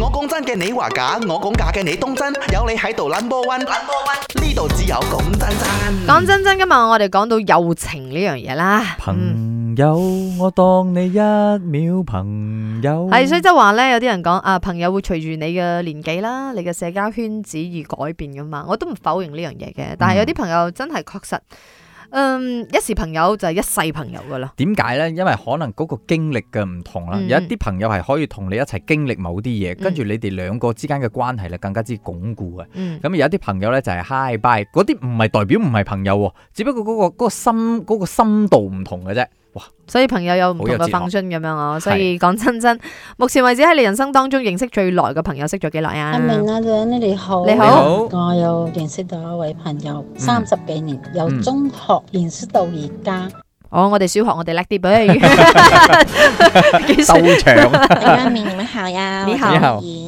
我講真嘅，你話假；我講假嘅，你當真。有你喺度 number one，number one，呢度只有咁真真。講真真，今日我哋講到友情呢樣嘢啦。朋友、嗯，我當你一秒朋友。係， 所以即係話呢，有啲人講啊，朋友會隨住你嘅年紀啦，你嘅社交圈子而改變噶嘛。我都唔否認呢樣嘢嘅，但係有啲朋友真係確實、嗯。嗯，一時朋友就係一世朋友噶啦。點解呢？因為可能嗰個經歷嘅唔同啦、嗯，有一啲朋友係可以同你一齊經歷某啲嘢、嗯，跟住你哋兩個之間嘅關係咧更加之鞏固嘅。咁、嗯、有啲朋友呢，就係 high bye，嗰啲唔係代表唔係朋友，只不過嗰、嗰個、嗰個心嗰、嗰個深度唔同嘅啫。哇！所以朋友有唔同嘅品尊，咁樣哦，所以講真真，目前為止喺你人生當中認識最耐嘅朋友識咗幾耐啊？阿明啊，你好，你好，你好，我又認識到一位朋友，三十幾年由中學認識到而家、嗯，哦，我哋小學我哋叻啲俾，到 場，阿 明你好呀，你好。你好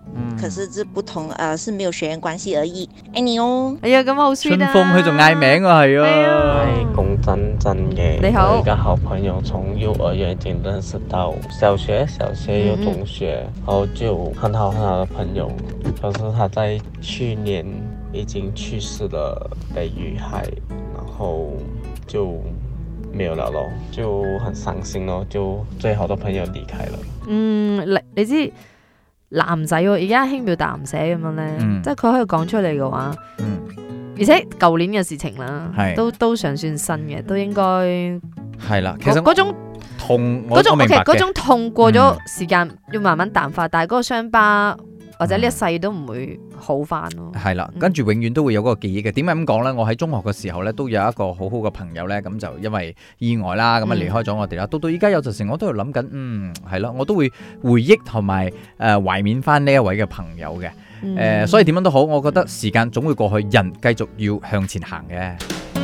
嗯、可是這不同，呃、是沒有血緣關係而已。愛、哎、你哦。哎呀，咁我好衰。春風佢仲嗌名啊，係啊。講真真嘅，我一個好朋友，從幼兒園已經認識到小學，小學有同學嗯嗯，然後就很好很好的朋友。可、就是他在去年已經去世了，被遇害，然後就沒有了咯，就很傷心咯，就最好的朋友離開了。嗯，你你知？男仔喎，而家輕描淡寫咁樣咧，嗯、即係佢可以講出嚟嘅話，嗯、而且舊年嘅事情啦，都都尚算新嘅，都應該係啦。其實嗰種痛，嗰種其實嗰種痛過咗時間、嗯、要慢慢淡化，但係嗰個傷疤。或者呢一世都唔會好翻咯。係啦，跟住永遠都會有嗰個記憶嘅。點解咁講呢？我喺中學嘅時候呢，都有一個好好嘅朋友呢。咁就因為意外啦，咁啊離開咗我哋啦。嗯、到到依家有陣時，我都要諗緊，嗯，係咯，我都會回憶同埋誒懷緬翻呢一位嘅朋友嘅。誒、嗯呃，所以點樣都好，我覺得時間總會過去，人繼續要向前行嘅、嗯。